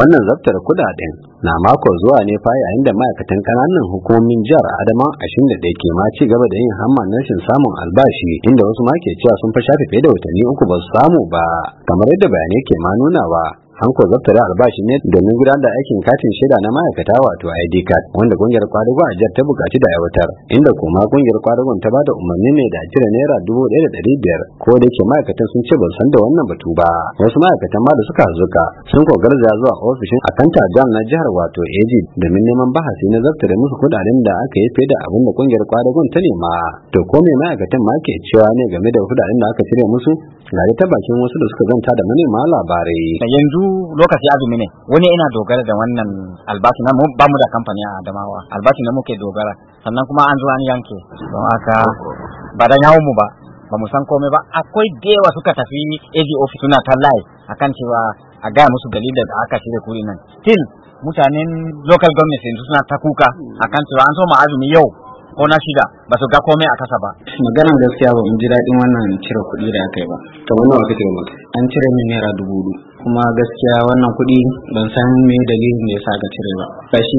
wannan zabtar kudaden na mako zuwa ne fa yayin da ma'aikatan kananan hukumomin jihar adama ashirin da ɗaya ke ma ci gaba da yin hamman rashin samun albashi inda wasu ma ke cewa sun fa shafe fiye da watanni uku ba su samu ba kamar yadda bayanai ke ma nuna ba. an ko albashi ne domin gudanar da aikin katin shaida na ma'aikata wato ID card wanda kungiyar kwadugo a jihar ta bukaci da aiwatar inda kuma kungiyar kwadagon ta bada umarni mai da jira naira dubu ɗaya da ɗari biyar ko da yake ma'aikatan sun ce ban san da wannan batu ba wasu ma'aikatan ma da suka zuka sun ko garzaya zuwa ofishin akanta jam na jihar wato AG domin neman bahasi na zaftare musu kudaden da aka yi fiye da abin da kungiyar kwadagon ta nema to ko me ma'aikatan ma ke cewa ne game da kudaden da aka cire musu ga ta bakin wasu da suka zanta da manema labarai yanzu lokaci azumi ne wani ina dogara da wannan albashi na ba mu da kamfani a adamawa albashi na muke dogara sannan kuma an zo an yanke don haka ba da yawon mu ba ba mu san komai ba akwai da suka tafi AG office suna ta live akan cewa a gaya musu dalilin da aka shirya kuri nan still mutanen local government yanzu suna ta kuka akan cewa an so ma azumi yau ko na shida ba su ga komai a kasa ba. Maganar gaskiya ba mu ji daɗin wannan cire kuɗi da aka yi ba. wannan nawa kake ba An cire min naira dubu biyu. Kuma gaskiya wannan kuɗi ban san me dalilin da yasa aka cire ba.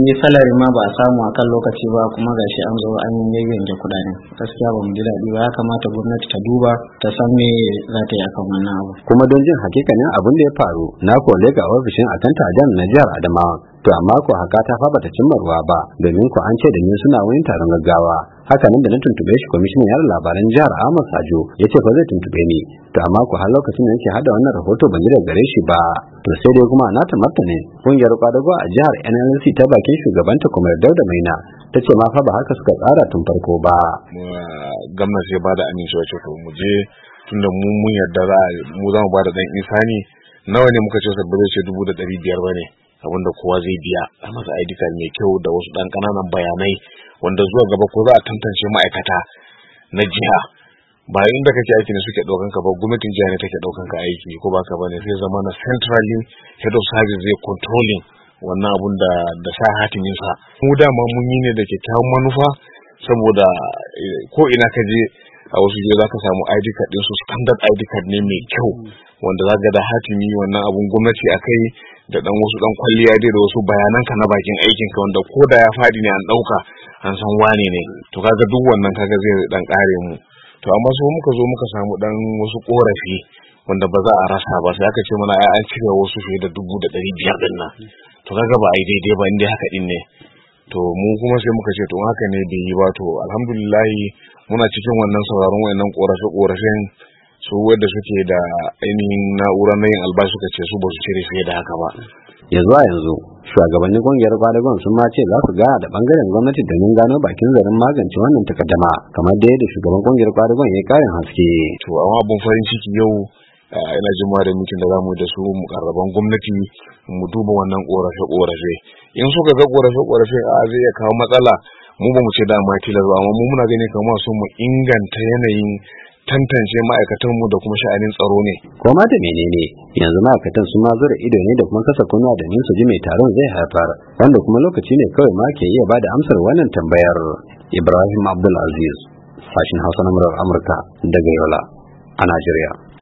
ne salari ma ba a samu akan lokaci ba kuma gashi an zo an yi yayyanke kuɗaɗen. Gaskiya ba mu ji daɗi ba ya kamata gwamnati ta duba ta san me za ta yi akan wannan abu. Kuma don jin hakikanin abin da ya faru na kole ga ofishin akan tajan na jihar Adamawa to amma ko haka ta fa bata cimma ruwa ba domin ko an ce da ni suna wani taron gaggawa haka nan da na tuntube shi kwamishinan yar labaran jihar Ahmad Sajo ya ce fa zai tuntube ni to amma ko har lokacin da yake hada wannan rahoto ban ji da gare shi ba to sai dai kuma na ta martani kungiyar kwadago a jihar NLC ta bakin shugabanta kuma Dauda Maina ta ce ma fa ba haka suka tsara tun farko ba gwamnati sai ba da amincewa ce to mu je tunda mu mun yarda za mu za mu ba da dan isani nawa ne muka ce sabbi zai ce dubu da ɗari biyar ba ne wanda kowa zai biya a masa ID card mai kyau da wasu ɗan ƙananan bayanai wanda zuwa gaba ko za a tantance ma'aikata na jiha ba inda kake aiki ne suke ɗaukan ka ba gwamnatin jiha ne take ɗaukan ka aiki ko ba ka bane sai zama na centrally head of service zai controlling wannan abun da da sa hatimin sa mu dama mun yi ne da kyakkyawan manufa saboda eh, ko ina ka je a wasu jiya za ka samu ID card ɗinsu standard ID card ne mai kyau wanda za ga da hatimi wannan abun gwamnati a kai da dan wasu dan kwalliya dai da wasu bayanan ka na bakin aikin ka wanda ko da ya fadi ne an dauka an san wane ne to kaga duk wannan kaga zai dan kare mu to amma so muka zo muka samu dan wasu korafi wanda ba za a rasa ba sai aka ce mana ai an cire wasu fiye da dubu da ɗari biyar din nan to kaga ba ai daidai ba inda haka din ne to mu kuma sai muka ce to haka ne bai yi ba to alhamdulillah muna cikin wannan sauraron wayannan korafe korafen su wadda suke da ainihin na'ura na yin albashi suka ce su ba su cire fiye da haka ba yanzu a yanzu shugabannin kungiyar kwadagon sun ma ce za su gaya da bangaren gwamnati domin gano bakin zarin magance wannan takaddama kamar da yadda shugaban kungiyar kwadagon ya karin haske to amma abun farin ciki yau ina jima da mutum da zamu da su mu mukarraban gwamnati mu duba wannan korafe korafe in suka ga korafe korafe a zai kawo matsala mu ba mu ce dama tilas ba amma mu muna gani kamar su mu inganta yanayin tantance ma'aikatan mu da kuma sha'anin tsaro ne koma da menene yanzu ma'aikatan su ma zura ido ne da kuma kasa kunwa da su ji mai taron zai haifar wanda kuma lokaci ne kawai ma ke iya bada amsar wannan tambayar Ibrahim Abdulaziz sashin Hausa na Amurka daga Yola a Najeriya